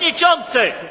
przewodniczący!